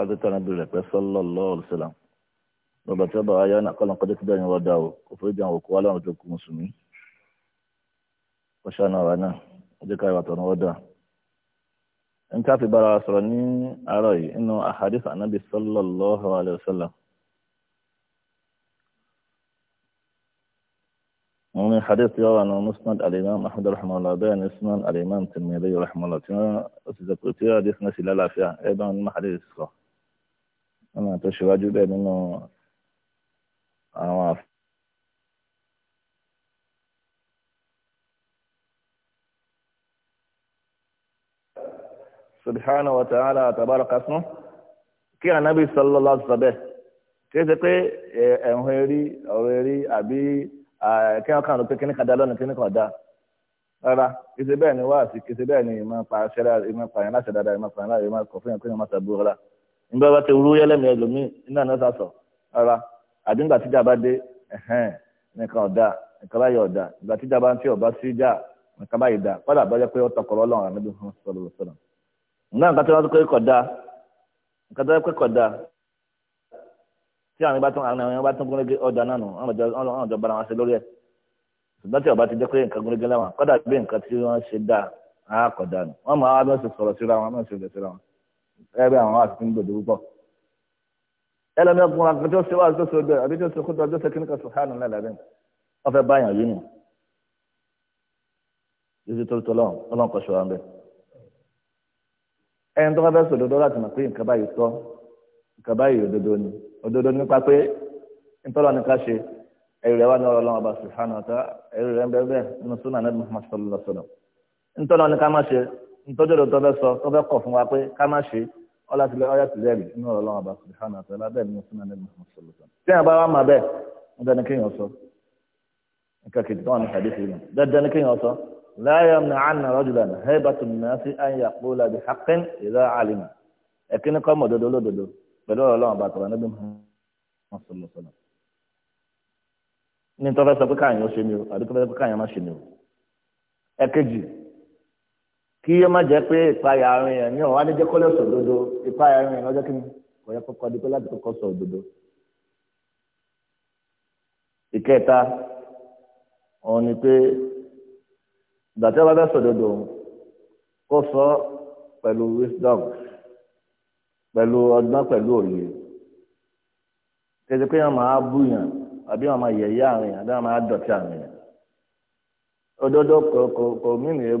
kájọ́ tó anábì rẹ̀ pẹ́ sallallahu alaihi wasallam no ba ta bá ya na kala kọjá tó dá ìwọ́n dá kò fẹ́ jẹun òkú wa láwọn tó kú mùsùlùmí ọ̀ṣà náà wà náà ọjọ́ ká ìwà tọ̀nà wọ́dà. ká fi bára asrani ní àárọ̀ ahadith anábì sallallahu alaihi wasallam من حديث يرى يوانا مسند الإمام أحمد رحمه الله بين مسند الإمام الترمذي رحمه الله تعالى أتذكر تيا حديث نسي لا فيها أيضا ما حديث صح ọ̀nà tó ṣíwájú bẹ́ẹ̀ nínú àwọn àfẹ́. subhanahu wa ta'ala tabaraka asmu kí anabi sallallahu alaihi wasallam kí ṣe pé ẹ̀hún erí ọ̀rọ̀ erí àbí kí wọ́n kàn ló pé kíní kan dá lọ́nà kíní kan dá rárá kì ṣe bẹ́ẹ̀ ni wáàsí kì í ṣe bẹ́ẹ̀ ni ìmọ̀ pàṣẹ ìmọ̀ pààyàn láṣẹ dáadáa ìmọ̀ pààyàn láṣẹ ìmọ̀ kọ̀ọ̀fin ìpínlẹ̀ mọ́tàbúrọ́lá. nígbà bá ti rú yẹlẹ́mi ẹlòmíì iná náà sàsọ rárá àdíngbà tíjà bá dé nìkan ọ̀dà nìkan báyìí ọ̀dà gbàtíjà bá ń tí sí nìkan báyìí dà padà bá yẹ pé ó tọkọrọ àmì nǹkan ti pé nǹkan tí àwọn àwọn náà nù jọ bára wọn ṣe lórí ṣùgbọ́n tí ọba ti jẹ́ pé nǹkan lẹ́wọ̀n kọ́dà bí nǹkan tí wọ́n ṣe a ẹgbẹ́ àwọn wà sí gbòdò púpọ̀ ẹlẹ́mi ọkùnrin àgbẹ̀jọ́ ṣe wà tó ṣe ọjọ́ àbíjọ́ ṣe kó ọjọ́ ṣe kí ní kan sùhánù náà lábẹ́ wọ́n fẹ́ báyàn yìí nù yíṣu tó tó lọ́wọ́ ọlọ́run kọ́ ṣọ́ wa ń bẹ̀. ẹni tó bá fẹ́ sòdodo láti mọ̀ pé nǹkan báyìí tọ́ nǹkan báyìí òdodo ni òdodo nípa pé ntọ́lọ́ ni ká ṣe ẹ̀rù rẹ̀ wà ní ọ̀rọ̀ ọlọ́run ọba sùhánù ọ̀tá ẹ̀rù rẹ̀ ń bẹ́ẹ̀ bẹ́ẹ̀ nínú súnà náà Muhammad sallallahu ntọ́lọ́ ni ká má ṣe ntọ́jú ọ̀dọ̀ tọ́fẹ́ sọ tọ́fẹ́ kọ̀ fún wa pé ká má ṣe ọlá tilẹ̀ ọyá tilẹ̀ rí inú ọ̀rọ̀ lọ́wọ́ bá subhanahu wa bẹ́ẹ̀ ni sunan nabi muhammad sallallahu alaihi wasallam tíyẹn bá wà má bẹ́ẹ̀ ń dẹni kéèyàn sọ nǹkan kejì tó wà ní yìí dẹni kéèyàn sọ 'alima bá kí ó má jẹ́ pé ìpayà àrùn yẹn ní ọ̀wá ní jẹ́ kọ́lé ọ̀sọ̀ òdodo ìpayà àrùn yẹn lọ́jọ́ kìíní kò yẹ kọ́kọ́ di pé láti kọ́kọ́ sọ òdodo. ìkẹta òun ni pé gbàtẹ́ bá fẹ́ sọ òdodo kó sọ pẹ̀lú wisdom pẹ̀lú ọgbọ́n pẹ̀lú òye kẹsì pé wọn máa bú yàn àbí wọn máa yẹ̀yẹ́ àrùn àbí wọn máa dọ̀tí àrùn yàn òdodo kò kò kò mí nìyẹn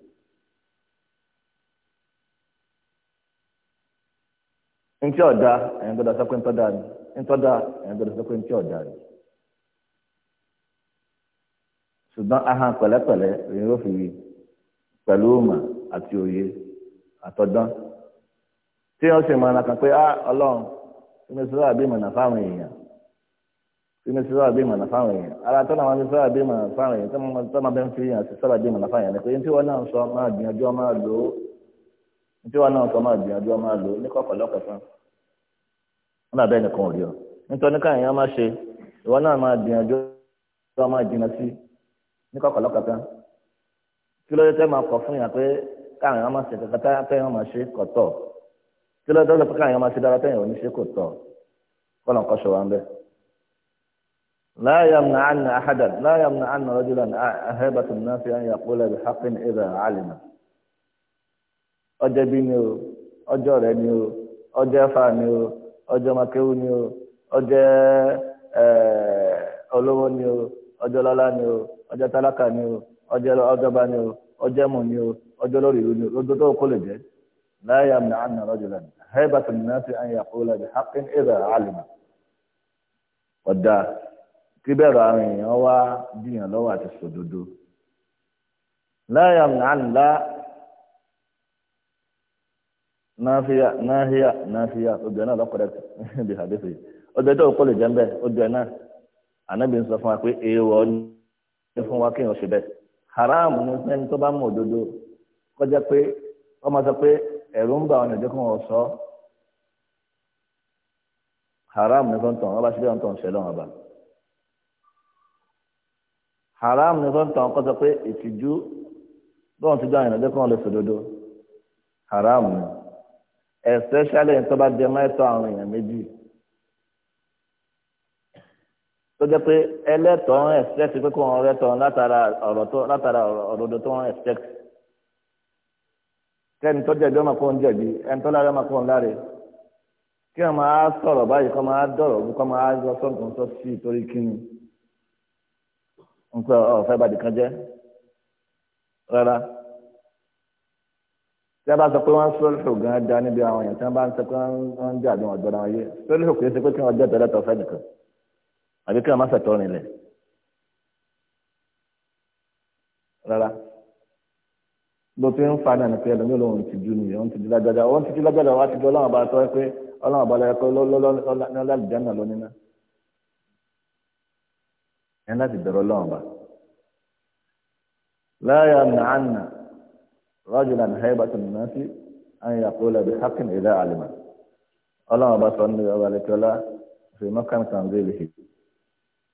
ntí ọ̀dà ẹ̀yìn gbọ́dọ̀ sọ pé ntọ́dà ni ntọ́dà ẹ̀yìn gbọ́dọ̀ sọ pé ntí ọ̀dà ni. ṣùgbọ́n ahọ́n pẹ̀lẹ́pẹ̀lẹ́ èyí ló fi pẹ̀lú òmà àti òye àtọ́dán tí wọ́n sì máa nàkàn pé á ọlọ́run tí mo sọ́ra àbí ìmọ̀nà fáwọn èèyàn tí mo sọ́ra àbí ìmọ̀nà fáwọn èèyàn ara tó náà máa fi sọ́ra àbí ìmọ̀nà fáwọn èèyàn tó máa bẹ́ẹ̀ fi yàn sí sọ́ra àbí ìmọ̀nà fáwọn èèyàn ni pé tí wọ́n náà sọ máa gbìyànjú máa lò ó nítorí wọn náà sọ máa gbìyànjú ọ máa lò ó ní kọ̀kọ̀lọ́kọ̀ fún un náà bẹ́ẹ̀ nìkan ò rí ọ nítorí káyọ̀ yẹn máa ṣe ìwọ náà máa gbìyànjú ọ máa jìnnà sí ní kọ̀kọ̀lọ́kọ̀ fún un kí ló dé tẹ́ máa kọ̀ fún yàn pé káyọ̀ máa ṣe kankan tẹ́yàn máa ṣe kọ̀tọ̀ kí ló dé tẹ́ káyọ̀ máa ṣe dára tẹ́yàn ò ní ṣe kọ̀tọ̀ kọ́lọ̀ kọ́ ṣọ wa ń bẹ́ẹ̀. لا يمنعن أحدا لا يمنعن رجلا أهبة الناس أن يقول بحق إذا علم ọjọ́ bí ni o ọjọ́ rẹ ni o ọjọ́ ẹ̀fà ni o ọjọ́ makewu ni o ọjọ́ olówó ni o ọjọ́ lọ́lá ni o ọjọ́ tálákà ni o ọjọ́ ọjọ́ba ni o ọjọ́ ẹ̀mọ̀ ni o ọjọ́ lórí ìlú ni o lọ́dọ́ tó lè jẹ́ láyà mi lọ́jọ́ lẹ́nu hẹ́bà tó ní láti àyè bí ọ̀dà kí àwọn èèyàn wá dìyàn lọ́wọ́ àti sòdodo láyà mi naafia naahia naafia obìnrin ha lọ correct bí hadithi obìnrin tó kọ́ lè sọ fún wa pé èèwọ̀ ni fún wa haram ni sẹ́ni tó bá mú òdodo kọjá pé wọ́n máa pé ń bà wọn haram ni fún tàn wọn haram ni fún pé ìtìjú ti lè haram ni. especially ní tó bá jẹ mẹ́tọ́ àwọn èèyàn méjì tó jẹ́ pé ẹlẹ́tọ̀ọ́ ń expect pé kò wọ́n rẹ́tọ̀ọ́ látara ọ̀rọ̀ tó látara ọ̀rọ̀dọ̀ tó wọ́n expect kẹ́ni tó jẹ̀bi ọmọ kó ń jẹ̀bi ẹni tó láre ọmọ kó ń láre kí wọ́n máa sọ̀rọ̀ báyìí kọ́ máa dọ̀rọ̀ bí kọ́ máa yọ sọ́ǹkan sọ sí torí kí ni nǹkan ọ̀fẹ́ bàdìkan jẹ́ rárá tí a bá sọ pé wọ́n sọ́lùfù gan da níbi àwọn èèyàn tí wọ́n bá ń sọ pé wọ́n ń jà bí wọ́n gbọ́dọ̀ wọn yé sọ́lùfù kì í ṣe pé kí wọ́n jẹ́ tẹ́lẹ̀ tọ́fẹ́ nìkan àbí kí wọ́n má ṣètò rìnlẹ̀ rárá bó ti ń fa náà ni pé ẹlòmíì lòun ti ju nìyẹn òun ti ju lágbádá òun ti ju lágbádá wá ti ju ọlọ́run bá tọ́ ẹ pé ọlọ́run bá lọ́yẹ pé lọ́lọ́lọ́lọ́lọ́lọ́lọ́lọ́lọ́lọ́lọ́lọ́lọ́lọ́ lónìí náà ẹ láti bẹ̀rẹ̀ ọlọ́run bá láyà nàánà رجلا هيبة الناس أن يقول بحق إذا علم الله بصر ذلك لا في مكان تنزيله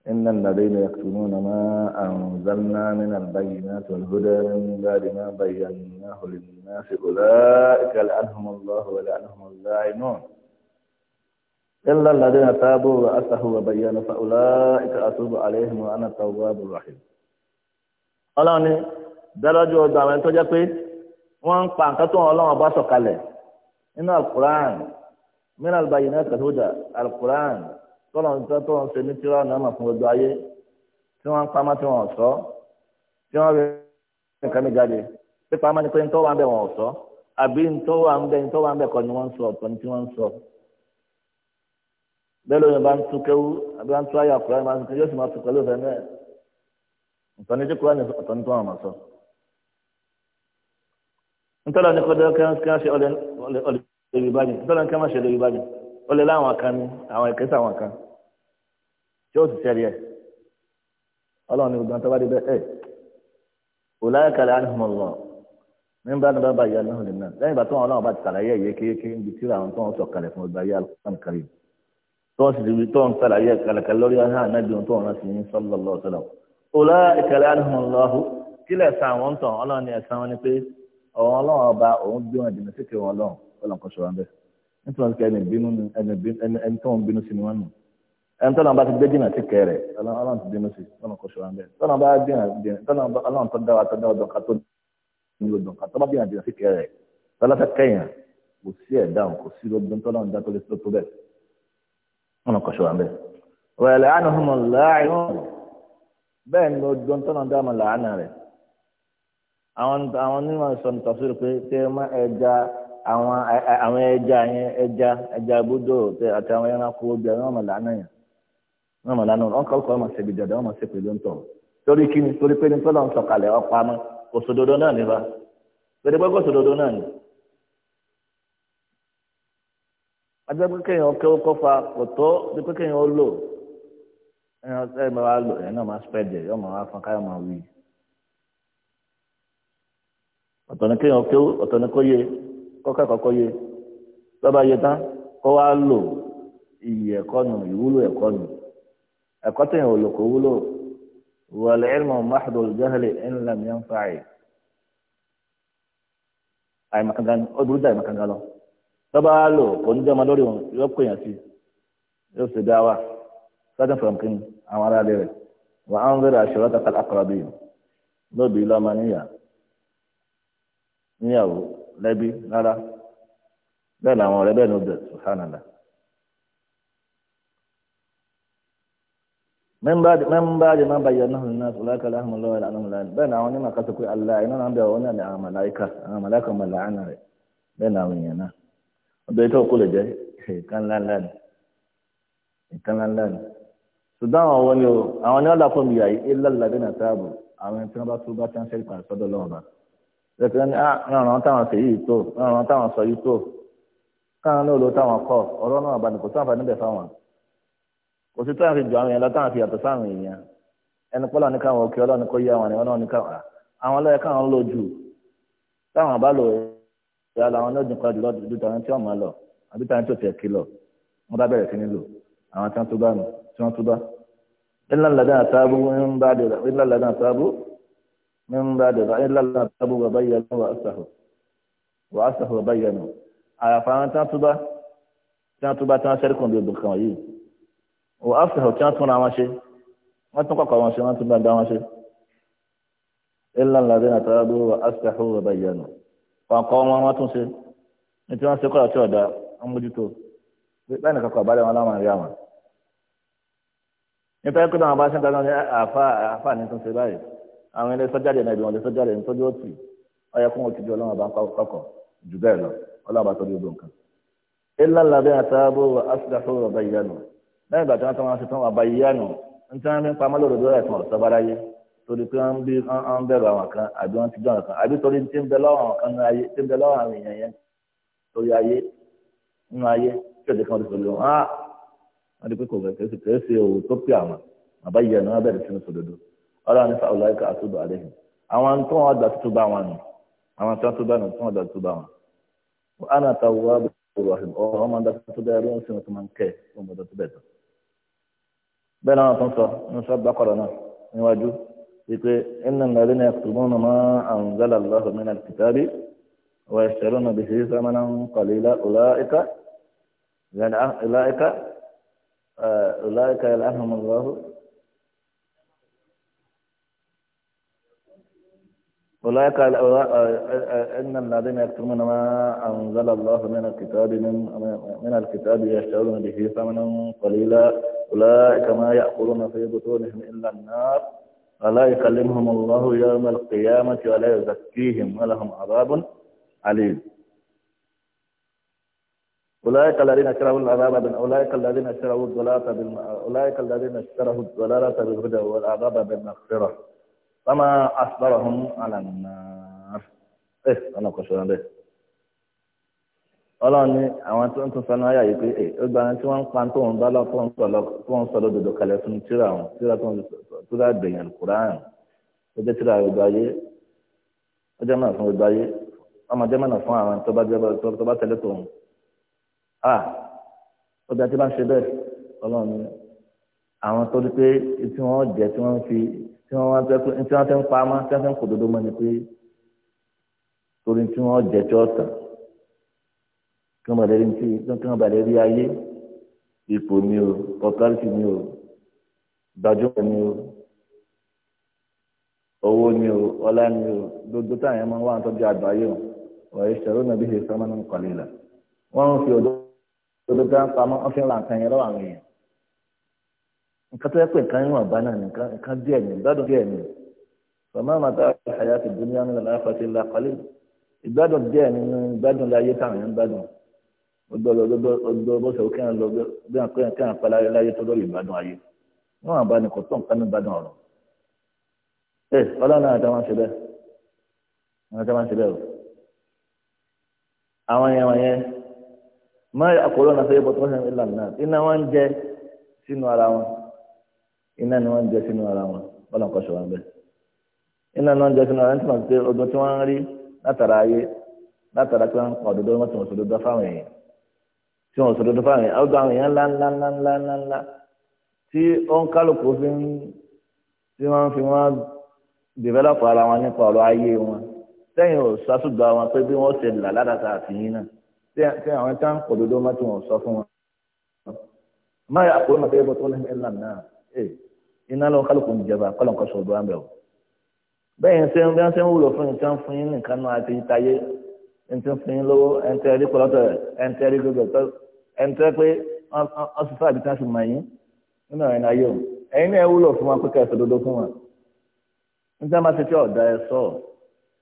إن الذين يكتمون ما أنزلنا من البينات والهدى من بعد ما بيناه للناس أولئك لعنهم الله ولعنهم اللاعنون إلا الذين تابوا وأسهوا وبينوا فأولئك أتوب عليهم وأنا التواب الرحيم. الله أني درجة ọdọ أنت ẹni wọ́n ń pa nǹkan tó Ọlọ́run bá sọ̀kalẹ̀ nínú alukur'an mìíràn àlùbáyé náà kàtúwòdà alukur'an tọ́lọ̀ tọ́lọ̀ ń ṣe ní tíra náà mà fún gbogbo ayé tí wọ́n ń pamọ́ tí wọ́n sọ tí wọ́n rí nǹkan mi jáde pípa máa ní pé ntọ́ wa ń bẹ̀ wọ́n sọ àbí ntọ́ wa ń bẹ̀ ntọ́ wa ń bẹ̀ kọ́ ni wọ́n ń sọ ọ̀tọ̀ ni tí wọ́n ń sọ. bẹ́ẹ̀ lóyún bá ń tú kéwú àbí wọ́n ń tú ayé yóò sì máa tún pẹ̀lú ìfẹ́ náà ọ̀tọ̀ ni tí kúrò ntọ́lá ní kọ́dọ̀ kí wọ́n ṣe ọ̀lẹ́ yorùbá ni ntọ́lá ní kí wọ́n ṣe ọ̀lẹ́ yorùbá ni ọ̀lẹ́ láwọn kan ní àwọn ìkẹ́sẹ̀ àwọn kan tí ó sì ṣẹ́rí ẹ̀ ọlọ́run ní gbọ́n tó bá dé bẹ́ẹ̀ ẹ̀ òláyà kalẹ̀ ànihùnmọ̀lọ́ nígbà náà bá yà lóhùn nínú lẹ́yìn ìgbà tó wọn náà bá ti sàlàyé ẹ̀yẹ kéékèé níbi tí àwọn tó ń sọ kalẹ̀ fún ọgbà yà lọ́kàn kárí tó ń sì tó ń sàlàyé kalẹ̀ lórí ọ̀hán ànábì tó ń rántí yín sọ́lọ́lọ́ sọ́lọ́ òláyà kalẹ̀ ànihùnmọ̀lọ́ kílẹ̀ sàn wọ́n tàn ọlọ́run ní ẹ̀sán wọn ni pé ọ̀rọ̀ ọlọ́run ọba òun gbé wọn jìnnà síkè wọn ọlọ́run ọlọ́run kò ṣọ̀rọ̀ bẹ́ẹ̀ nítorí pé ẹni bínú ẹni tó ń bínú sí ni wọ́n nù ẹni tó náà bá ti gbé jìnnà síkè rẹ̀ ọlọ́run ti bínú sí ọlọ́run kò ṣọ̀rọ̀ bẹ́ẹ̀ tọ́nà bá jìnnà tọ́nà ọlọ́run tó dáwà tó dáwà dọ̀ka tó nílò dọ̀ka tó bá jìnnà jìnnà síkè rẹ̀ tọ́lọ́fẹ́ kẹ́yìn kò sí ẹ̀dá kò sí lóbin tó lé àwọn àwọn onímọ̀ sọ̀nù tafsir pé tẹ ma má ẹja àwọn àwọn ẹja yẹn ẹja ẹja gbódò àti àwọn ẹranko ọjà wọn mọ̀ lánàá yẹn wọn mọ̀ wọn kọ́ wọn mọ̀ ṣe bìjọ̀dọ̀ wọn ṣe pẹ̀lú ń torí pé ní ń sọ̀kalẹ̀ náà pẹ̀lú pé náà kéèyàn kọ́fà kò tó bí pé kéèyàn ó lò ẹ̀yàn ọ̀sẹ̀ máa lò náà máa spẹ́ẹ̀dì ọ̀tọ̀ ni kéèyàn kéwú ọ̀tọ̀ ni kó yé kọ́kọ́ kọ́kọ́ yé lọ́ba yé tán kó wá lò iyì ẹ̀kọ́ nù ìwúlò ẹ̀kọ́ nù ẹ̀kọ́ tẹ̀yìn ò lò kó wúlò wal ilmu mahdul jahli in lam yanfa'i àìmọ̀kàngán ó dúró dá lọ lọ́ba wá lò kò ní dẹ́mọ lórí òun yóò pè yàn sí yóò níyàwó lẹ́bí rárá bẹ́ẹ̀ làwọn ọ̀rẹ́ bẹ́ẹ̀ ló bẹ̀ sùhánàlá. mẹ́mbà di máa bàyẹ̀ náà nínú àti ọ̀làkà láhùn lọ́wọ́ ìlànà mọ̀láyìn bẹ́ẹ̀ làwọn onímọ̀ kan sọ pé àlá iná náà bẹ̀ wọ́n ní àwọn màláìkà àwọn màláìkà màláìkà rẹ̀ bẹ́ẹ̀ làwọn èèyàn náà ọdọ yìí tó kó lè jẹ́ nǹkan ńláńlá ni nǹkan ńláńlá ni ṣùgbọ́n àwọn ni àwọn làkọ́ mi yà yìí ilé làbẹ́ nà táàbù àwọn tí wọ́n bá tó bá tán sẹ́yìn pàṣẹ lẹ́tọ́ ní ọ̀ràn ah, táwọn ṣe yìí tó ọ̀ràn táwọn sọ yìí tó káwọn náà ló táwọn kọ ọ̀rọ̀ náà bá ní kò sáǹfà níbẹ̀ fáwọn kò sí táwọn fi jù àwọn èèyàn lọ táwọn fi yàtọ̀ sáwọn èèyàn ẹni pọ́lọ́ ní káwọn òkè ọlọ́ọ̀ni kó yé àwọn ènìyàn ọlọ́ọ̀ni ah, káwọn àwọn ọlọ́yẹ káwọn lò jù táwọn bá lò ìyá làwọn lójú kan jù ju tàwọn tí wọ́n máa lọ àbí tàwọn tí ò kí lọ من بعد إلا تابوا وبينوا وأصلحوا وأصلحوا وبينوا àyàfàwọn tí wọn tún bá tí wọn tún bá tí wọn ṣẹ́rí kan bí obìnrin kan yìí wò áfíà tí wọn tún ra wọn ṣe wọn tún kọ́kọ́ wọn ṣe wọn tún bá dá wọn ṣe ìlànà àti àtàwọn àbúrò àṣìṣe àfọwọ́ bàbá ìyànà kọ̀ọ̀kọ́ wọn wọn tún ṣe ní tí wọn ṣe kọ́ra tí ọ̀dà wọn mójútó bẹ́ẹ̀ ni kankan àbálẹ̀ wọn láwọn àrí àwọn nítorí pé táwọn bá ṣe ń dáná ní àfa àfa ní tún ṣe báyìí àwọn ilé sọ́jáde náà ìdùnnú ilé sọ́jáde ní tọ́jú òtì ọ̀yẹ́ fún òtìjú ọlọ́run ọba kọ́kọ́ jù bẹ́ẹ̀ lọ ọlọ́run ọba tọ́jú gbogbo nǹkan. ilá labẹ́ àtàbò asìdáfó ọba ìyanu lẹ́yìn ìgbà tí wọ́n tán wọn ṣe tán ọba ìyanu ní tí wọ́n fi ń pamọ́ lòdòdó rẹ̀ fún ọ̀sọ́báráyé torí pé wọ́n bí wọ́n bẹ̀rù àwọn kan àbí wọ́n ti jọ àwọn kan àbí torí tí ń bẹ lọ́wọ́ àwọn kan ọlọ́run nípa ọ̀làríkà àtúbọ̀ àdéhùn àwọn tó wọn gbà tuntun bá wọn nù àwọn tó wọn tó bá nù tó wọn gbà tuntun bá wọn. wọn á nà ta wọ àbúrò rahim ọ̀rọ̀ wọn máa ń dá tuntun bẹ́ẹ̀ ló ń sinmi tó máa ń kẹ́ ẹ̀ ọmọ tuntun bẹ́ẹ̀ tó. bẹ́ẹ̀ náà tún sọ ní bákọ̀rọ̀ náà níwájú wípé ẹnna nàlẹ́ ní àtúmọ̀nà máa àwọn أولئك إن الذين يكتمون ما أنزل الله من الكتاب من من الكتاب يشترون به ثمنا قليلا أولئك ما يأكلون في بطونهم إلا النار ولا يكلمهم الله يوم القيامة ولا يزكيهم ولهم عذاب عليم أولئك الذين اشتروا العذاب أولئك الذين اشتروا الضلالة أولئك الذين اشتروا الضلالة بالهدى والعذاب بالمغفرة fama asbarahum ala nnar ala na kò ṣọ́ra ọlọ́run ní àwọn tó ń tún sanu ayé àyíké ẹ eh, ó gba tí wọ́n ń pa tó bá lọ tó ń sọ̀lọ́ tó ń sọ̀lọ́ kalẹ̀ fún tíra wọn tíra a ó àwọn tó di pé tí wọ́n jẹ́ tí wọ́n fi tí wọ́n wá pẹ́ tí wọ́n fẹ́ ń pa mọ́ tí wọ́n fẹ́ ń kó dodo mọ́ ni pé torí tí wọ́n jẹ́ tí wọ́n tàn kí wọ́n bá lè rí ti kí wọ́n bá lè rí ayé ipò ni o popularity ni o gbajúmọ̀ ni o owó ni o ọlá ni o gbogbo táwọn ẹ̀mọ́ wà ń tọ́jú àgbáyé o wọ́n yẹ ṣẹ̀rọ náà bí ṣe sọ́mọ́ náà kọ́lé la wọ́n ń fi òdodo tá ń pamọ́ wọ́n fi ń ra nǹkan yẹn lọ́wọ́ àwọn èèyàn nǹkan tó yẹ pé nǹkan yíwọ̀n bá náà nǹkan díẹ̀ ni ìgbádùn díẹ̀ ni bàmá àmàtà àyà ti dùn ní àná lọ́la àfàtì ńlá kọ́lé ìgbádùn díẹ̀ ni ìgbádùn láyé táwọn yẹn ń gbádùn gbogbo bọ́sẹ̀ ó kéèyàn lọ bí wọn kéèyàn kéèyàn pa láyé láyé tó lọ́ọ́ ìgbádùn ayé níwọ̀n àbá ni kò tó nǹkan ní ìgbádùn ọ̀rọ̀ ẹ ọlọ́run àtàwọn ṣe bẹ́ẹ̀ àwọn àtàwọn ṣe bẹ́ẹ̀ o àwọn yẹn wọn yẹn má àkóró náà fẹ́ bọ́ tó ń ṣe ń jẹ iná ni wọ́n ń jẹ sínú ara wọn wọ́n lọ́n kọ́ ṣọ́ wọn bẹ́ẹ̀ iná ni wọ́n ń jẹ sínú ara wọn tí wọ́n ti pé ọdún tí wọ́n ń rí látara ayé látara pé wọ́n ń pa òdodo wọn tí wọ́n sòdodo fáwọn èèyàn tí wọ́n sòdodo fáwọn èèyàn ọdún àwọn èèyàn ńlá ńlá ńlá ńlá ńlá tí ó ń kálukú fi ń tí wọ́n fi wọ́n develop ara wọn nípa ọ̀rọ̀ ayé wọn sẹ́yìn ò sásùgbà wọn pé bí wọ́n ṣe là ládàtà àtìyìn náà tí àwọn tí wọ́n ń pọ̀ òdodo wọn sọ fún wọn. máyà àpò ìmọ̀ iná lọ́wọ́ kálukú ń jẹba kọ́lọ̀ nǹkan sọ̀rọ̀ dúró àmì ọ̀ bẹ́ẹ̀ ṣe ń bẹ́ẹ̀ ṣe ń wúlò fún nǹkan fún yín nìkan náà àti ìtayé nǹkan fún yín lọ́wọ́ ẹ̀ńtẹ́ rí kọ́lọ́tọ̀ ẹ̀ńtẹ́ rí gbogbo ẹ̀ńtẹ́ pé ọ̀sùn fún àbíkán sì mọ̀ yín nínú ọ̀rẹ́ náà yóò ẹ̀yin náà wúlò fún wọn pẹ́kẹ́ ẹ̀sọ́ dodo fún wọn níta bá ti ọ̀dà ẹ̀ sọ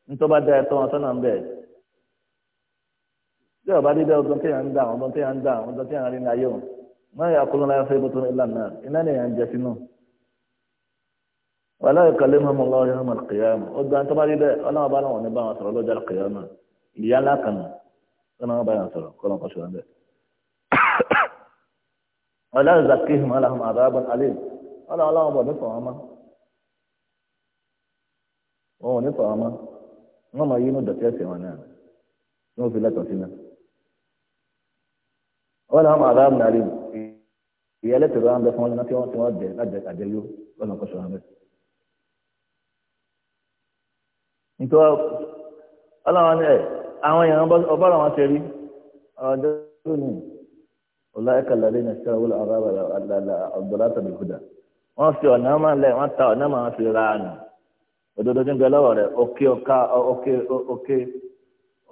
nítorí bá dá ẹ̀ tọ́ wọn sọ́nà ń bẹ̀ tí ọ̀bá dídá ọdún tí yàn ń dà ọdún tí yàn ń dà ọdún tí yàn ń rí náà yóò wàlá ìkàlẹ́ mọ́ mọ́ lọ́wọ́ yẹn mọ́ kìyàmù ó gbà tó bá rí bẹ́ẹ̀ ọlọ́wọ́ bá wọn ní bá wọn sọ̀rọ̀ lọ́jọ́ kìyàmù ìyá ńlá kan náà wọn bá yàn sọ̀rọ̀ kọ́ lọ́kọ́ ṣùgbọ́n bẹ́ẹ̀. wàlá ìzàkíhìm aláhùn àdáàbọ̀n alẹ́ ọlọ́wọ́ bọ̀ nípa wọn mọ́ wọn ò nípa wọn mọ́ wọn mọ yínú dọ̀tí ẹ̀sìn wọn náà ní wọn fi lẹ́tọ̀ọ́ sí náà ọlọ́wọ́ àdáàbọ̀n alẹ́ ìyẹlẹ́tẹ̀rọ nítorí ọlọ́run ẹ àwọn èèyàn ọba làwọn ṣe rí àwọn ọjọ́ tó ní ọ̀la ní ṣẹ́ tàbí kúdà wọ́n fi ọ̀nà lẹ̀ wọ́n ta ọ̀nà fi ra àná òdodo lọ́wọ́ rẹ̀ òkè ọ̀ka òkè òkè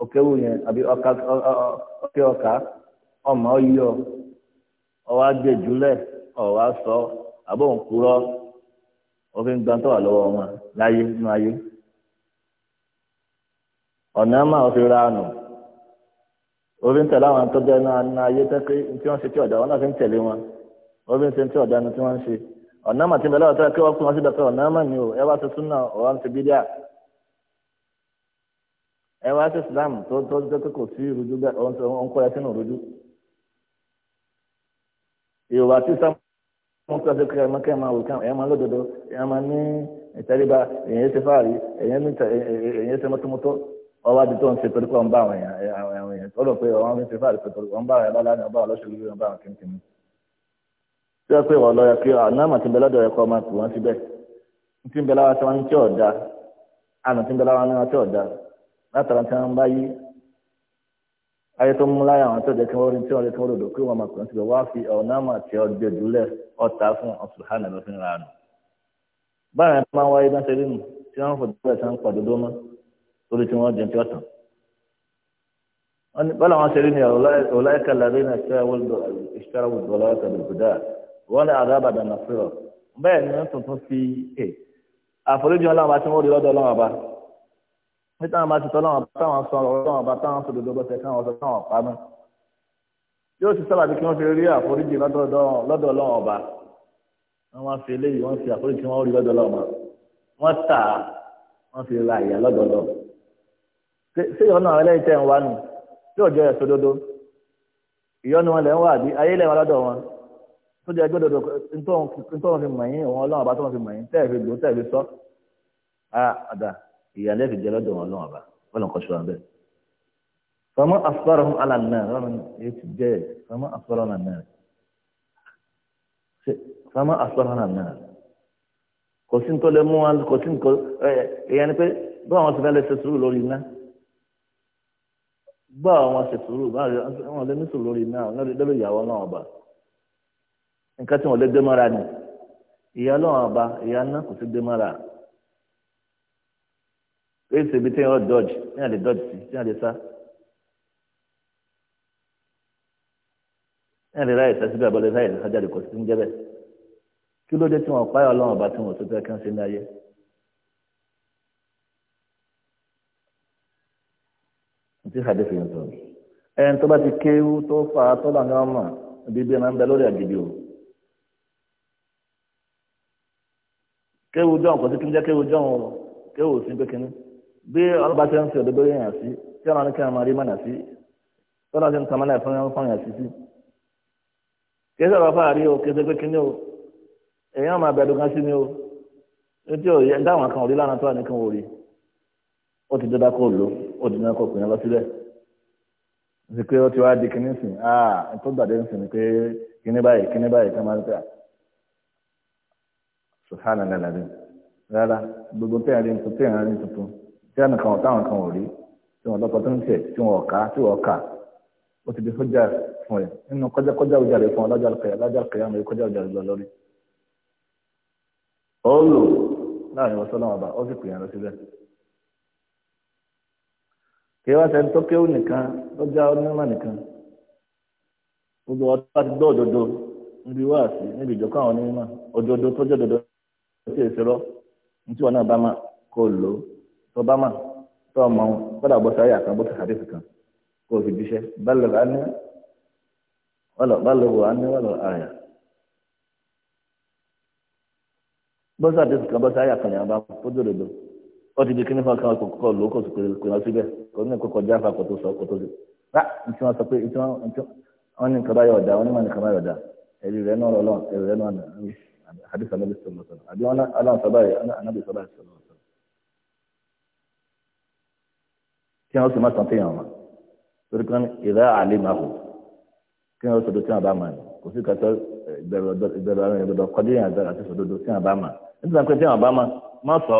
òkè wù yẹn àbí ọ̀ka òkè ọ̀ka ọmọ ọwọ́ àbọ̀ òǹkúrọ̀ òfin lọ́wọ́ wọn ọ̀nà máa fi ra nù orí ń tẹ̀lé àwọn tó jẹ́ náà ní ayé tẹ́kẹ́ tí wọ́n ṣe tí ọ̀dà wọn náà fi ń tẹ̀lé wọn orí ń ṣe tí ọ̀dà ni tí wọ́n ń ṣe ọ̀nà máa ti bẹ̀rẹ̀ ọ̀tọ́ kí wọ́n wọn sí dọ̀tọ̀ ọ̀nà máa ni o ẹ wá tuntun náà ọ̀rọ̀ ń ti bí díà ẹ wá sí Islam tó tó tó tó kò sí bẹ́ẹ̀ ọwọ́ adi tó ń ṣe torí pé wọ́n bá àwọn èèyàn àwọn èèyàn tó rò pé wọ́n fi ṣe fáàlì pé torí wọ́n bá àwọn èèyàn lọ́la ní ọba ọlọ́ṣọ́ lórí wọn bá àwọn kìnnìkìnnì. tí wọ́n pè wọ́n lọ́yọ̀ pé ànámọ̀ ti ń bẹ lọ́dọ̀ ẹ̀kọ́ ọmọ tù wọ́n síbẹ̀ tí ń bẹ láwa tí wọ́n tí ò da àná tí ń bẹ láwa ní wọn tí ò da látara tí wọ́n bá yí ayé tó ń mú láyà àwọn tó jẹ́ kí wọ́n rí tí wọ́n rí tí wọ́n rò pé wọ́n máa kàn síbẹ̀ wá fi ọ̀nàmọ̀ tí ọ gbẹdúlẹ̀ ọ̀tá fún ọ̀sùnhánà lọ́fíìnra nù. báyìí máa ń wáyé náà ṣe rí nù tí wọ́n ń fòdúgbò ẹ̀ tí wọ́n ń pọ̀ dúdú mọ́ torí tí wọ́n jẹun tí wọ́n tàn. bọ́lá wọn ṣe rí ni ọ̀láìka làrin ìṣẹ́ra wùdọ̀ ọ̀láìka lùbùdà wọ́n ní àdá àbàdàn náà fẹ́rọ̀ bẹ́ẹ̀ ni wọ́n tuntun fi ẹ̀ àforíjì ọlọ́run bá ti wọ́n rí lọ́dọ̀ ọlọ́run bá níta wọn bá ti tọ́lọ́run táwọn sọ ọlọ́run bá táwọn sọ dodo bọ́sẹ̀ káwọn sọ táwọn pa mọ́ yóò ti sábà bí kí wọ́n fi rí àforíjì lọ́dọ̀ ọlọ́run ọba wọ́n fi eléyìí wọ́n fi àforíjì wọn rí lọ́dọ̀ ọlọ́run wọ́n tà wọ́n fi ra ìyá lọ́dọ̀ ọlọ́run ṣé ìyọnu àwọn ẹlẹ́yìn tẹ̀ ń wá nù tí òjò ẹ̀ sódodo ìyọnu wọn lẹ̀ ń wá àbí ayé lẹ̀ wọn lọ́dọ̀ wọn tó jẹ́ ẹgbẹ́ dodo ntọ́wọ́n fi mọ̀ yín òun ọlọ́run ọba tó wọn fi mọ̀ yín tẹ́ẹ̀ fi gbó tẹ́ẹ̀ fi sọ àdá ìyàlẹ́ fi jẹ́ lọ́dọ̀ wọn ọlọ́run ọba wọn lọ́n kọ́ ṣọ́ wọn bẹ́ẹ̀. fọmọ asọ́rọ̀ fún alànà rọrùn yìí ti jẹ́ fọmọ asọ́rọ̀ alànà fọmọ asọ́rọ̀ alànà kò sí ntọ́lẹ̀ mú wọn kò sí ntọ́lẹ̀ ẹ̀yàn ni pé bí wọn ti fẹ́ lè ṣe sùúrù lórí iná gbá àwọn ṣètùrù wọn lè ní sùúrù lórí náà lórí ìyàwó náà ọba nǹkan tí wọn lè démọ́ra ni ìyá náà ọba ìyá náà kò sí démọ́ra èyí ṣe ibi tí wọn dọ́jì tí wọn lè dọ́jì sí tí wọn lè sá tí wọn lè ráyè sá síbẹ̀ àbọ̀lẹ̀ ráyè sá jáde kò sí ń jẹ́ bẹ́ẹ̀ kí ló dé tí wọn pààyà ọlọ́run ọba tí wọn ò tó kí wọ́n ṣe ní ayé. tí hadith yẹn sọ ẹn tó bá ti kéwú tó fà á tọ́lá ní ọmọ bíbí náà ń bẹ lórí àgìdì o kéwú jọ̀hún kò sí kí n jẹ́ kéwú jọ̀hún o kéwú sí pé kínní bí ọlọ́ba ti ń fi òdodo yẹn sí tí ọ̀nà kí wọ́n máa rí mọ́nà sí tọ́lá ti ń tàn mọ́nà fún fún yẹn sí sí kí ẹ sọ̀rọ̀ fáàrí o kí ẹ pé kínní o èèyàn máa bẹ̀rù kan sí ni o nítorí dáwọn kan ò rí lánàá tó wà nìkan ò rí ó ti dọ́dá kó lò òdìní ọkọ̀ pè é lọ síbẹ̀ ní pé ó ti wá di kíní sìn áà tó gbàdé ń sìn ni pé kíní báyìí kíní báyìí kí wọ́n máa ń pè á sùhánà lẹ́lẹ́dì rárá gbogbo téèyàn rí tuntun téèyàn rí tuntun téèyàn kan táwọn kan ò rí tí wọn lọ́kọ̀ tó ń tẹ̀ tí wọn ọ̀ka tí wọn ọ̀ka ó ti di sójà fún ẹ nínú kọjá ọjà rẹ fún ọ lọ́jà kẹyà lọ́jà kẹyà mi kọjá ọjà rẹ lọ lórí. ó lò láàrin wọn sọ́lọ́wọ́n bá ó sì pè yàn lọ síbẹ̀. kí wá sẹ́ni tó kéwù nìkan tó já onímọ̀ nìkan gbogbo ọdún bá ti gbọ́ òdodo níbi wá sí níbi ìjókòó àwọn onímọ̀ òdodo tó jẹ́ òdodo tó sì èsì rọ nítorí wọn náà bá mà kó lò ó tó bá mà tó ọmọ wọn gbọ́dọ̀ bọ́ sáyà kan bó kó wọ́n ti di kí ní fún akẹ́kọ̀ọ́ kọ̀ọ̀kọ́ ló kọ̀ pé lọ síbẹ̀ kò ní kọ̀kọ́ já fa kò tó sọ kò tó sí. rà ntí wọ́n sọ pé ntí wọ́n ní nǹkan báyọ̀ ọ̀dà wọ́n ní wọ́n ní nǹkan báyọ̀ ọ̀dà ẹ̀rí rẹ̀ náà lọ́lọ́ ẹ̀rí rẹ̀ náà àdìs anábì sọ̀rọ̀ sọ̀rọ̀ àbí wọn aláwọ̀ sọ̀rọ̀ anábì sọ̀rọ̀ sọ̀rọ̀ kí wọ́n sì má tàn téèyàn wọn torí kan ìdá àlè máa hù kí wọ́n sọ̀dọ̀ tí wọ́n bá mà ní kò sí kàtọ́ ìbẹ̀rù ọ̀dọ̀ ìbẹ̀rù ọ̀dọ̀ kọ́dé yẹn àti sọ̀dọ̀ tí wọ́n bá mà nítorí pé tí wọ́n bá mà má sọ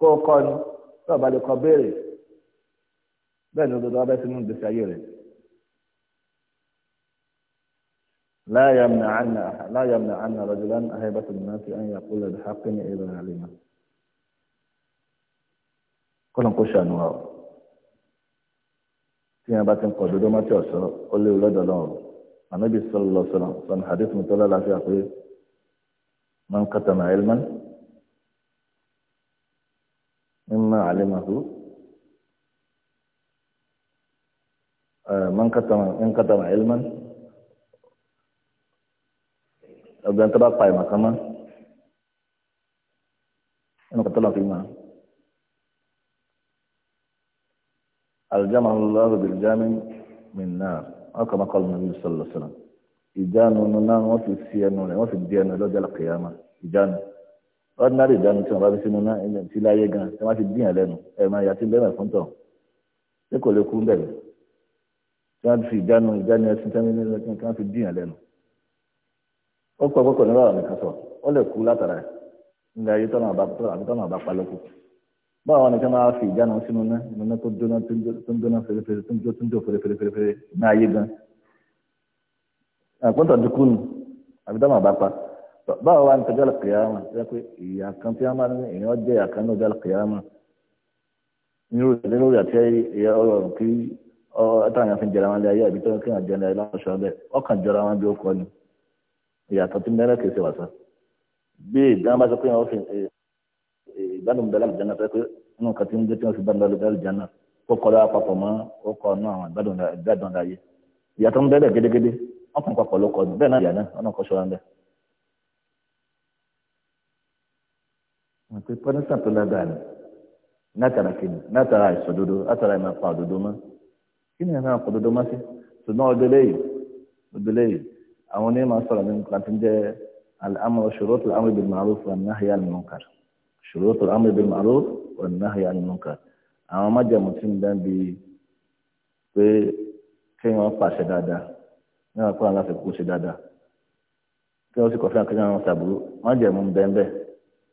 kó o kọ́ ni tó o bá lè kọ́ béèrè bẹ́ẹ̀ ni òdodo abẹ́ sínú ìgbésí ayé rẹ̀. لا يمنعن لا يمنعن رجلا هيبة الناس أن يقول الحق إذا علمه kọ́nà kó ṣàánú wa o tí yẹn bá ti ń kọ́ dodo má ti ọ̀sọ́ ó léwu lọ́dọ̀ lọ́wọ́ ànábì sallallahu alaihi wasallam hadith mi tó lálàáfíà pé man katama ilman ثم علمه آه، من كتم من كتم علما أبدان تبقى يا مكما إن قتل فيما الجمع الله بالجامع من نار أو كما قال النبي صلى الله عليه وسلم إجان ونان وفي السيان وفي الديان لو القيامة إجان ordinary ìdánu tí wọn bá fi sínú náà ẹni tí láyé gan ẹ má ti díyàn lẹ́nu ẹ má yàtí lẹ́nu fún tọ̀ ṣé kò lè kú ń bẹ̀rẹ̀ tí wọn fi ìdánu ìdánu ẹsìn tẹ́lẹ̀ ní ẹsìn tí wọn fi díyàn lẹ́nu ó kọ akọ́kọ́ ní báwọn nìkan sọ ó lè kú látara ẹ̀ nígbà ayé tọ́nà àbá àbí tọ́nà àbá palẹ́kù báwọn nìkan máa fi ìdánu sínú náà inú náà tó dóná tó ń dóná fèrèfèrè tó ń jó tó ń jó fèrèfèrè ní ayé gan àpótọ̀ dínkù nù àbí tọ́nà àbá pa báwo wá ní tọ́jú àlùkìyàmà ṣe pé ìyá kan tí wọ́n máa ní èèyàn jẹ́ ìyá kan ní ọjọ́ àlùkìyàmà nírú ìdílé lórí àti ìyá ọ̀rọ̀ kí ọ̀tàwọn fi jẹra wọn lé ayé àbí tó ń kéèyàn jẹra láṣọ bẹ́ẹ̀ ọkàn jọra wọn bí ó kọ́ ni ìyàtọ̀ tí mẹ́rẹ̀ kìí ṣe wàṣà bí ìdáná bá sọ pé wọ́n fi ìgbádùn bẹ́ẹ̀ láti jẹ́nà pé inú kan tí ń jẹ́ náà àwọn ìgbádùn láyé wọn pe pọnísà tó lágbára ni látara kìnnì látara ìsọdodo látara ìmọ̀ pa òdodo mọ́ kí ni ìmọ̀ pa òdodo mọ́ sí ṣùgbọ́n ọdọ lẹ́yìn ọdọ lẹ́yìn àwọn onímọ̀ sọ̀rọ̀ nínú kàtí ń jẹ́ àmọ̀ ṣòrótò àmọ̀ ìbí màrú fún àníhàyà nìmọ̀kàr ṣòrótò àmọ̀ ìbí màrú fún àníhàyà nìmọ̀kàr àwọn májàmú tí ń dán bí pé kí pàṣẹ dáadáa ní wọn dáadáa kí sì kọ́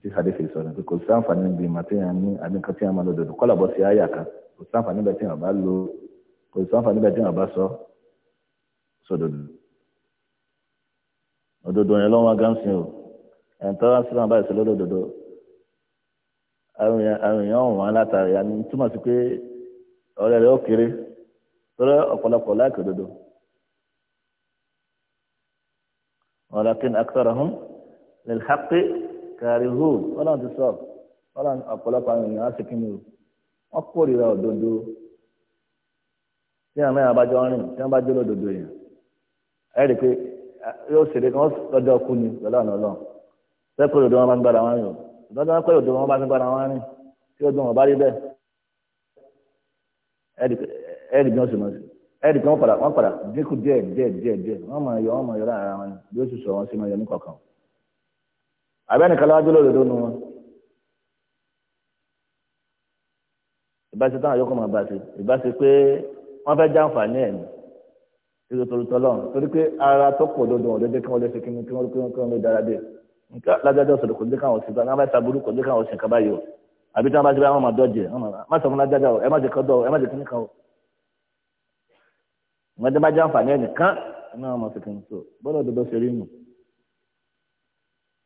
tí hadithi sọ ni pé kò sáǹfààní níbi màtíyàn ní àdínkàn tí a máa lò dòdò kọ́là bọ́ sí àyà kan kò sáǹfààní bẹ́ẹ̀ tí wọ́n bá lo kò sáǹfààní bẹ́ẹ̀ tí wọ́n bá sọ sọ dòdò. òdòdó yẹn lọ́wọ́ gánsìn o ẹ̀ǹtọ́ sílẹ̀ báyìí sọ lọ́dọ̀ dòdò àwọn èèyàn ọ̀hún alátàrí àní túmọ̀ sí pé ọ̀rẹ́ rẹ̀ ó kéré tọ́lẹ̀ ọ̀pọ̀lọpọ̀ láìkè òdòdó walakin aktharahum lil haqqi kàríhù ọlọ́run ti sọ ọlọ́run ọ̀pọ̀lọpọ̀ àwọn á sì kí ni o wọ́n kórìíra òdodo tí àwọn mẹ́rin abájọ rìn tí wọ́n bá jẹ́ lódodo yẹn ẹ pé yóò ṣèlè kan lọ́jọ́ kú ni àná fẹ́ pé òdodo wọn bá ń gbára wọn rìn o wọn pé òdodo wọn bá ń gbára wọn rìn tí òdodo wọn bá rí bẹ́ẹ̀ abẹ́nìkan lọ́wọ́ jóló òdodo nu wọn ìbáṣe táwọn yòókù máa báṣe ìbáṣe pé wọ́n fẹ́ jàǹfààní ẹ̀ ní ìlú torítọ́ lọ́run torí pé ara tó kò dodo wọn dédé kí wọ́n lè fi kíni kí wọ́n kí wọ́n kí wọ́n lè dára dé nǹkan lájájọ́ sọ̀rọ̀ kò dé káwọn òsì bá náà sábúrú kò dé káwọn òsì kaba yìí o àbí tí wọ́n bá ti bá wọn máa dọ́jẹ̀ má sọ fún lájájọ́ ẹ má jẹ́ kọ́ dọ́ ẹ má jẹ́ kíní kan o wọ́n dé bá jàǹfààní ẹ̀ nìkan ẹ̀ náà wọ́n máa fi kíni so bọ́lá òdodo ṣe rí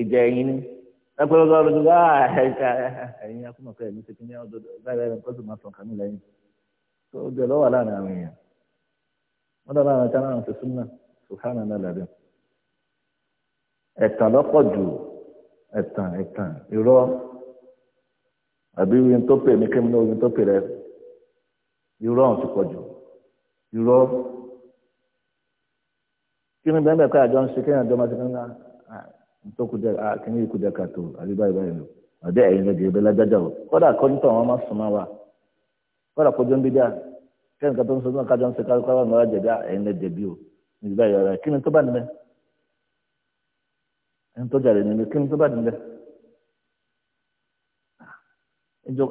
ìjà ah, ẹ̀yin ni ẹgbẹ́rún ọdún wá ẹ̀yin akúmọ̀kọ́ ẹ̀mí ṣètì ní ọdún báyìí ẹ̀rọ kọ́sì máa tọ̀kà mí lẹ́yìn tó o jẹ lọ́wọ́ láàrin àwọn èèyàn wọ́n dábàá àwọn táwọn ti súnmọ́ sùhánà náà lẹ́rìn ẹ̀tàn lọ́pọ̀ jù ẹ̀tàn ẹ̀tàn irọ́ àbí wíwí tó pè mí kémi náà wíwí tó pè rẹ irọ́ ọ̀hún ti pọ̀ jù irọ́ kí ni bẹ́ẹ̀ bẹ́ẹ̀ kọ́ àjọ ń ṣe kéèyàn àjọ máa ti kán náà tó kú jẹ kíní yìí kú jẹ kàtó àbí báyìí báyìí lò ọdẹ ẹyin lẹgẹrẹ bẹ lájájà o kódà kọjú tó àwọn máa súnmọ́ wa kódà kọjú ń bí díà kẹ́hìn kan tó ń sọ náà kájọ ń ṣe kájọ wà lọ́wọ́ jẹ̀bi ẹyin lẹ́jẹ̀bi o níbi báyìí ọ̀rẹ́ kí ni tó bá nílẹ̀ ẹni tó jàre nílẹ̀ kí ni tó bá nílẹ̀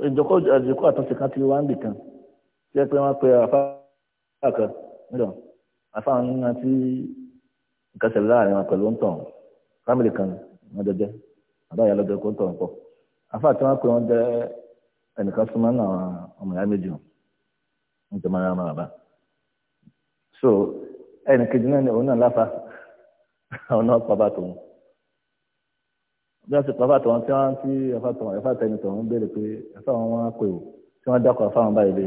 ìjọkọ ìjọkọ àtúnṣe kan ti wá ń bì kan tí ẹ pé wọn pe àfáà kan nílò àfáà nínú àti ìkẹsẹ̀ láàrin wọn pẹ̀lú ń family kan wọn jẹjẹ bàbá ìyá lọ́jọ́ kó tọ̀ ń pọ̀ afa àti wọn pè wọn jẹ ẹnìkan súnmọ́ náà ọmọ ìyá méjì ń jẹ mọ́ra ọmọ bàbá so ẹnìkejì náà òun náà láfa àwọn náà pa bá tòun bí wọ́n ti pa bá tòun tí wọ́n ti ẹ̀fà tòun ẹ̀fà tẹni tòun ń béèrè pé ẹ̀fà wọn wọn pè ó tí wọ́n dákọ̀ ẹ̀fà wọn báyìí lé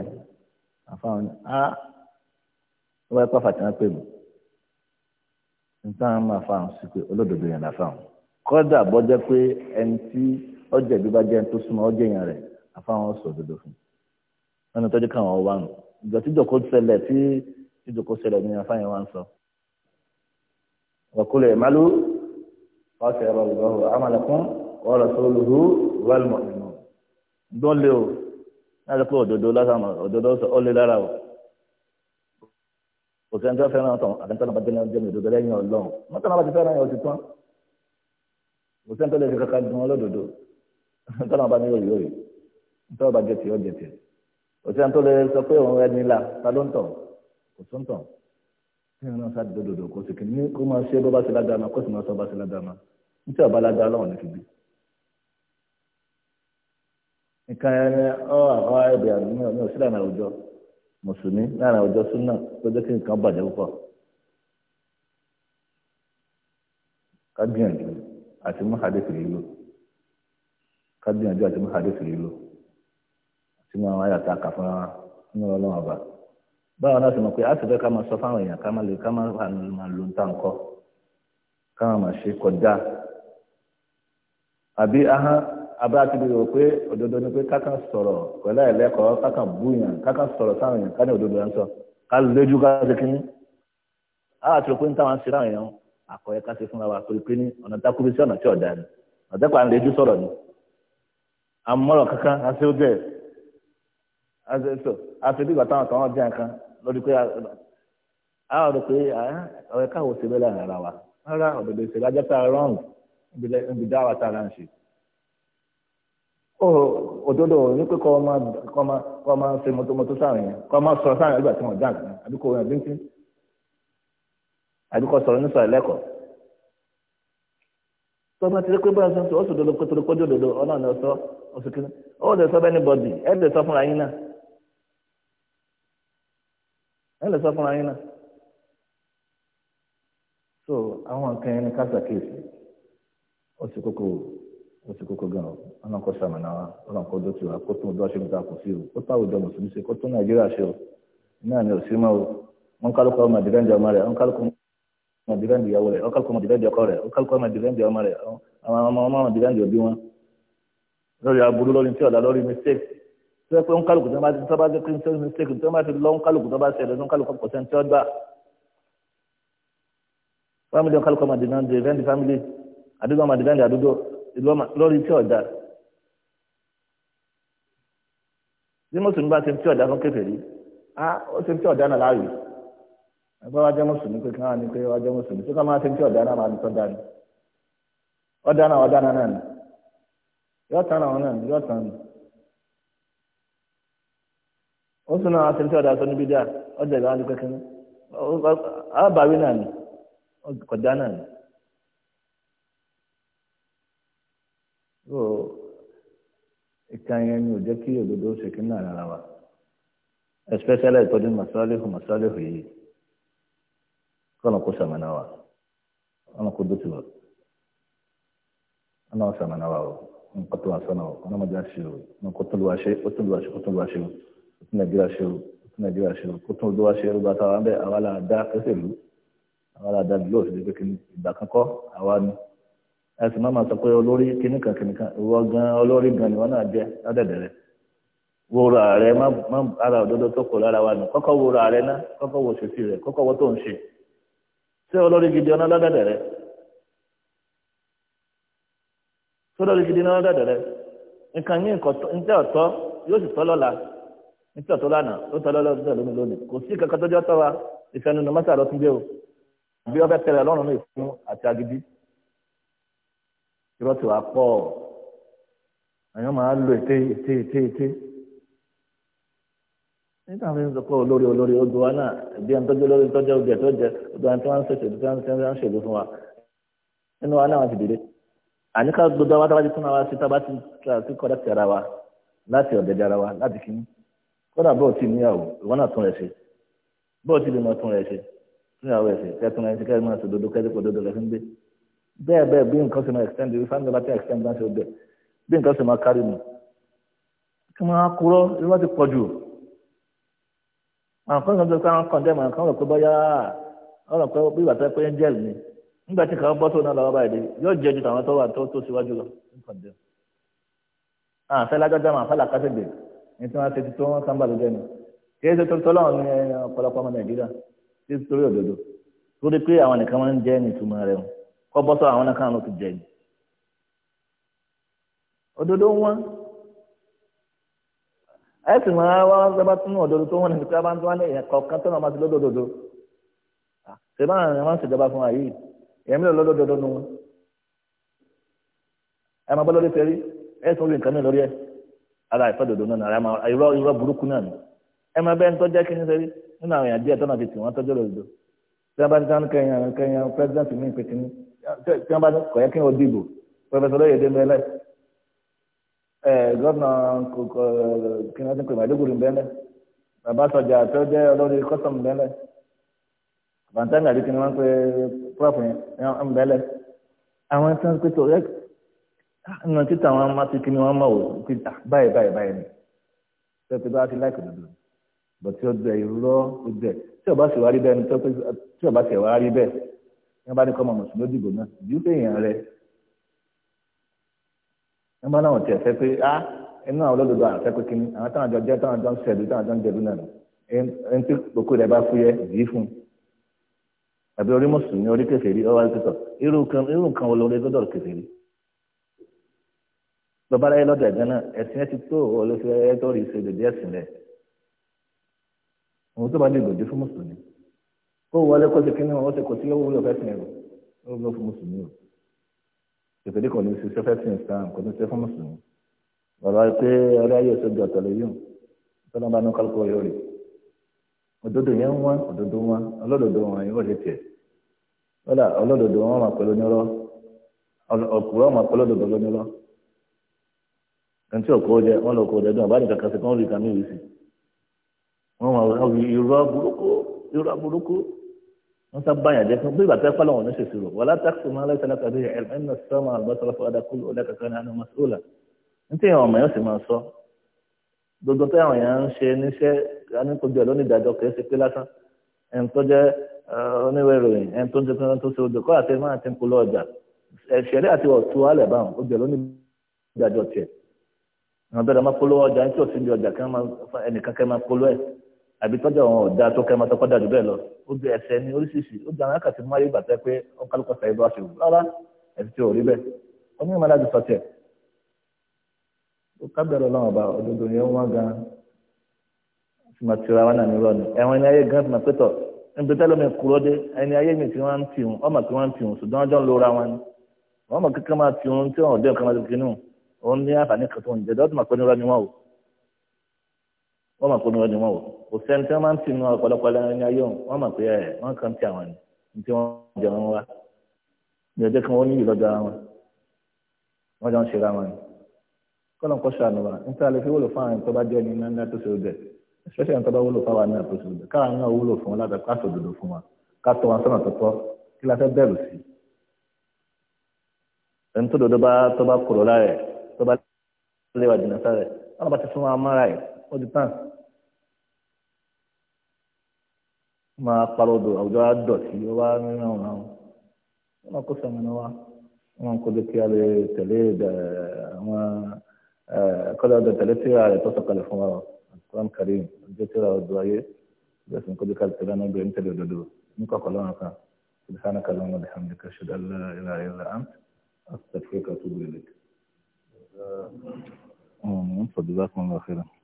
ẹ̀fà wọn ni á ah! wọ́n ẹ̀ pàfà tí wọ́n pè mí níta máa fa àwọn sí pé olódodo yẹn làfa àwọn kọ́dà bọ́jẹ́ pé ẹni tí ọjà ìbí bá jẹ́ ẹni tó súnmọ́ ọjà yẹn rẹ̀ àfa àwọn sọ òdodo fún un ẹni tọ́jú káwọn wà nù ìgbà tí ìjòkó ṣẹlẹ̀ tí ìjòkó ṣẹlẹ̀ ní àfa yẹn wà ń sọ. wàkúlẹ̀ ìmàlú ọ̀sẹ̀ ẹ̀rọ ìgbọ̀hù amàlẹ̀kùn ọ̀rọ̀ sọ́lùhù wàlùmọ̀ ìmọ̀ kò sẹ́ni tó fẹ́ràn ọ̀tàn àtẹ̀ntàn bá jẹ́ni ọjọ́ òdodo lẹ́yìn ọlọ́run mọ́tàn bá ti fẹ́ràn ẹ̀ ọtí tán kò sẹ́ni tó lè fi kankan dun ọlọ́dodo tọ́nà bá ní òyìnbó yìí tọ́nà bá jẹ́tì ọ́ jẹ́tì kò sẹ́ni tó lè sọ pé òun rẹ nílà ta ló ń tàn kò sún tàn kí ni wọ́n sá dododo kò sì kìíní kó máa ṣe bó bá ti lágbára ma kó sì máa sọ bá ti lágbára ma nítorí ọba lágbára lọ́wọ́ ní fi bí. nǹkan ẹ̀ ọ́ àwọn ẹ̀bẹ̀ àdúgbò ní òṣìlẹ̀ náà òjò mùsùlùmí láàrin àwùjọ súnà tó jẹ́ kí nǹkan bàjẹ́ púpọ̀ ká àti mú hadith lò ká àti mú hadith lò àti àwọn nínú ọba náà sì mọ̀ pé a ká máa sọ fáwọn èèyàn ká máa lè ká máa máa lo nǹkan ká kọjá a ti di rò pé òdodo ni pé kákan sọ̀rọ̀ pẹ̀lú ẹ̀lẹ́kọ̀ọ́ kákan búyàn kákan sọ̀rọ̀ sáwọn èèyàn ká ní òdodo yẹn sọ ká lójú ká ṣe kínní. àwọn àti rò pé ń táwọn ṣe ráwọn èèyàn ká ṣe wa pé ní ọ̀nà takuru sí ọ̀nà tí ọ̀dà ni ń lójú sọ̀rọ̀ ni. kankan bí ìgbà táwọn kan nǹkan lórí pé àwọn Oh, òdodo ní pé kọ́ ọmọ kọ́ ọmọ kọ́ ọmọ ṣe mọ́tòmọ́tò sáwọn yẹn kọ́ ọmọ sọ sáwọn ẹgbẹ́ àti wọn dáàbò àbí kò rìn bíntín àbí sọ̀rọ̀ ní sọ̀rọ̀ lẹ́kọ̀ọ́ tó bá ti rí pé bá a sọ ọ́ sòdodo pé torí kójú òdodo ọ̀nà ni ọ̀sọ́ ó lè so ó ti kókó gan o ọlọ́run kó ṣamọ̀nà wa ọlọ́run kó dókè wa kó tún ọdún aṣọ níta kò sí o kó táwùjọ mùsùlùmí ṣe kó tún nàìjíríà ṣe o náà ni ò sí mọ́ o wọn kálukọ́ ọmọ àdìrẹ́ǹdì ọmọ rẹ̀ wọn kálukọ́ ọmọ àdìrẹ́ǹdì ìyàwó rẹ̀ wọn kálukọ́ ọmọ àdìrẹ́ǹdì ọkọ rẹ̀ wọn kálukọ́ ọmọ àdìrẹ́ǹdì ọmọ rẹ̀ àwọn ọmọ ọmọ àdìrẹ́ǹdì òbí wọn lórí aburú lórí tí ọ̀dà lórí mistake tí wọ́n pé ń kálukú tó bá ti tọ́ bá ti pín sẹ́yìn mistake tó bá ti lọ ń kálukú tó bá ṣẹlẹ̀ ń kálukú kò sẹ́ni tí ó gbà family ń kálukú ọmọ lórí tí ọ̀dà bí mùsùlùmí bá ti tí ọ̀dà fún kékeré á ó ti tí ọ̀dà náà láàyè ẹgbẹ́ wájẹ́ mùsùlùmí pé káwọn ni pé wájẹ́ mùsùlùmí tó ká máa ti tí ọ̀dà náà máa ní tọ́da ni ọ̀dà náà ọ̀dà náà náà ni yóò tán àwọn náà ni yóò tán ni ó sì náà ti tí ọ̀dà sọ níbi díà ọ̀dà ìlànà kékeré àbáwí náà ni ọ̀dà náà ni. so ìkànnì ẹni ò jẹ́ kí òdodo ṣe kí náà rárá wa especially ìtọ́jú masalihu masalihu yìí kọ́nà kó sàmánà wa ọ̀nà kó dùtù wa ọ̀nà sàmánà wa o nǹkan tó wà sọ́nà o ọ̀nà mọ̀já ṣe o ọ̀nà kó tó lu àṣẹ kó tó lu àṣẹ kó tó lu àṣẹ o kó tó nàìjíríà ṣe o kó tó nàìjíríà ṣe o kó tó lu àṣẹ o bàtà wa bẹ́ẹ̀ àwa là dá kẹsẹ̀ lù àwa là dá lù lọ́ọ̀ṣẹ̀ lé ẹ sì ma máa sọ pé olórí kìnnìkan kìnnìkan ìwọ gan olórí gan ni wọn náà jẹ ládẹdẹrẹ ààrẹ má ara òdodo tó kò lára wa nù ààrẹ ná kọkọ wò rẹ kọkọ wò tó ń ṣe ṣé olórí gidi ọ̀nà ládẹdẹrẹ ṣé olórí gidi ládẹdẹrẹ nǹkan nǹkan ọ̀tọ́ yóò sì tọ́ lọ́la ọ̀tọ́ lánàá ló tọ́ lónìí lónìí kò sí tó tọ́ wa mọ́tà irọ́ ti wá pọ̀ àyàn máa lo ète ète ète ète nígbà tí wọ́n sọ pé olórí olórí odò wa náà ẹbí ẹni tọ́jú olórí tọ́jú ọgbẹ tó jẹ odò àti wọ́n ń ṣèṣèlú tí wọ́n ń ṣèlú fún wa nínú wa náà wọ́n ti dìde àníkà gbogbo àwọn tábàtì fún wa sí tábàtì tí kọ́dà ti ara wa láti ọ̀dẹ̀dẹ̀ ara wa láti kí kódà bọ́ọ̀ tì níyàwó ìwọ náà tún rẹ̀ ṣe bọ́ọ̀ tì lè máa tún rẹ̀ ṣe tún ìyàwó ẹ̀ ṣe kẹ́tún rẹ̀ ṣe kẹ́tún rẹ̀ ṣe dodo kẹ́tún bẹ́ẹ̀ bẹ́ẹ̀ bí nǹkan ṣe máa extend the family bá ti extend bá ṣe ó bẹ̀ bí nǹkan ṣe máa kárí mi kí wọ́n á kúrọ́ irú wọn ti pọ̀ jù àwọn kan sọ pé àwọn kan dẹ́mọ̀ àwọn kan rò pé bọ́yá wọ́n rò pé bí ìgbà tó pé angel ni nígbà tí kàwọn bọ́ tó náà lọ́wọ́ báyìí yóò jẹ́ ju tàwọn tó wà tó tó síwájú lọ nǹkan dẹ́mọ̀ àfẹ́ lágbájá máa fẹ́ làkàtẹ̀gbẹ̀ ní tí wọ́n ṣe ti tó wọn sábà ló jẹ́ ni kí ẹsẹ̀ tó tọ́lọ́ ní kọ́ bọ́ sọ àwọn náà káwọn tó jẹ ni òdodo wọn ẹsìn wọn wá sábà tún òdodo tó wọn níbi tí wọn bá ń tó wọn lẹ́yìn kọ̀ọ̀kan tó bá ti àwọn ṣèjọba fún wa yìí nu wọn ẹ máa bọ́ lórí fẹ́rí ẹ sọ orí nǹkan lórí ẹ ara ìfẹ́ dòdò náà ara máa irọ́ irọ́ burúkú náà ni ẹ máa bẹ́ẹ̀ ń tọ́jú tí wọ́n bá kọ̀ yẹ kí wọ́n dìbò pẹ̀fẹ̀sọ̀ lóye dé mẹ́lẹ̀ ẹ̀ gọ́nà kí wọ́n ti pè mẹ́lẹ́gùrì mẹ́lẹ̀ bàbá sọjà tó jẹ́ olórí kọ́sọ̀m mẹ́lẹ̀ bàtàgà àdìkì ni wọ́n pe púrọ̀fù yẹn mẹ́lẹ̀ àwọn tí wọ́n pe tó rẹ́ nínú títà wọn máa ti kí ni wọ́n mọ̀ wò títà báyìí báyìí báyìí ni tó ti bá ti láìpẹ́ dòdò bọ̀ tí ó bẹ̀ irú lọ́ ó bẹ̀ tí ò sì wá rí bẹ́ẹ̀ ni tí ò sì wá rí bẹ́ẹ̀ yẹn bá ní kọ́ ọmọ mùsùlùmí ó dìbò náà ìdí pé èèyàn rẹ yẹn bá náà tiẹ̀ fẹ́ pé á inú àwọn olódodo àfẹ́ pé kíní àwọn táwọn àjọ jẹ́ táwọn àjọ ń ṣẹ̀dú táwọn àjọ ń jẹ̀dú náà ẹni tí òkú rẹ bá fúyẹ́ dì í fún àbí orí mùsùlùmí orí kèfèrí ọwọ́ àtúntò irú nǹkan olórí lọ́dọ̀ kèfèrí lọ́ba láyé lọ́dọ̀ ẹ̀gbẹ́ náà ẹ̀sìn ẹ̀ ti tó olóṣèlú ẹ̀ tó rí ìṣèlú díẹ̀ sílẹ̀ òun tó bá dìbò dé fún mùsùlùmí kó wọlé kó ti kí ni wọn ṣe kò sí owó wúlò fẹsẹ̀ rò ó wúlò fún mùsùlùmí o ìpèdè kò ní í ṣiṣẹ́ fẹsẹ̀ Islam kò ní í ṣe fún mùsùlùmí ọ̀rọ̀ pé ọ̀rẹ́ ayé oṣù di ọ̀tọ̀ lẹ́yìn tọ́lá bá ní kálukú ọ̀yọ́ rẹ̀ òdodo yẹn ń wá òdodo wọn ọlọ́dọ̀dọ̀ wọn yóò lè tiẹ̀ ọlọ́dọ̀dọ̀ wọn máa pẹ̀lú máa lọ àbájáde irú aburúkú wọn ta bá yàn jẹ fún bí ìgbà tẹ fọlọ́wọn ní ṣèṣì rò wọlá táàkì máa lẹ́sẹ̀ láti àbí ẹ̀rọ ẹ̀rọ sọ́mà àlùbọ́sọ̀rọ̀ fọwọ́dà kúlù ọ̀lẹ́kẹ̀kẹ́ ní anamọ́ sólà nítorí àwọn ọmọ yẹn sì máa sọ gbogbo tí àwọn yẹn ń ṣe níṣẹ́ aníkojú ẹ̀ lónìí ìdájọ́ kìí ṣe pé lásán ẹni tó jẹ́ oníwèròyìn ẹni tó jẹ́ pé tó ṣe ojú àbí tọ́jà wọn ò dáa tó kẹ́ máa tọ́kọ́ dájú bẹ́ẹ̀ lọ ó gbé ẹsẹ̀ ní oríṣiríṣi ó gbàgbọ́n kàtí mú ayé gbàtẹ́ pé ó ń kálukọ́ sàyẹ́ bá ṣe wù rárá ẹ̀sìn tí ò rí bẹ́ẹ̀ ó ní ìmọ̀lá ti sọ̀tẹ̀ ó kábẹ̀rẹ̀ ọlọ́run ọba òdodo yẹn wọ́n gan sì máa tira wọn náà nírọ̀ ni ẹ̀wọ̀n ẹni ayé gan sì máa pẹ́tọ̀ níbi tẹ́lómi kúrọ́ dé ẹni ayé mi tí wọ́n ń tì wọ́n ọmọ tí wọ́n ń tì wọ́n ṣùgbọ́n ọjọ́ ń lora wọn ni wọ́n mọ̀ kíkẹ́ máa tì wọ́n tí wọ́n ọ̀dẹ́ kan máa ti kínú òun ní àǹfààní kan tó ń jẹ́ dọ́tí máa pẹ́ níwájú wọn o wọ́n mọ̀ pé ní wọ́n ni wọ́n wò kò sẹ́ni tí wọ́n máa ń tì nínú ọ̀pọ̀lọpọ̀ lẹ́yìn ayé òun wọ́n mọ̀ pé ẹ̀ wọ́n kàn ti àwọn ni tí wọ́n jọ wọn wá ní ọjọ́ kan wọ́n ní ìlọ́jọ́ ara wọn wọ́n jọ ń ṣe ra wọn ni kọ́nà kọ́ ṣàánú wa níta lè fi wúlò fún àwọn tó jẹ́ ní náà tó ṣe ọdẹ especially tó bá wúlò fún àwọn náà tó ṣe ọdẹ káwọn náà wúlò fún wọn láti pàṣẹ òdodo fún wa ká tọ́ wọn sọ́nà tọ́tọ́ kí la fẹ́ bẹ̀rù sí ẹni máa parọ́ odò àwùjọ á dọ̀tí ó wá nínú ọ̀ràn o wọn kó sàmìnà wa wọn kó lè kí a lè tẹ̀lé àwọn kọ́lá ọ̀dọ̀ tẹ̀lé tíra rẹ̀ tó sọ̀kalẹ̀ fún wa Al-Qur'an Karim ọjọ́ tíra ọ̀dọ̀ ayé bẹ́ẹ̀ sì ń kó lè kí a lè tẹ̀lé náà bẹ́ẹ̀ ń tẹ̀lé òdodo ní kọ̀ọ̀kan lọ́wọ́ kan سبحانك اللهم وبحمدك اشهد ان لا اله الا انت استغفرك واتوب اليك. جزاكم الله خيرا.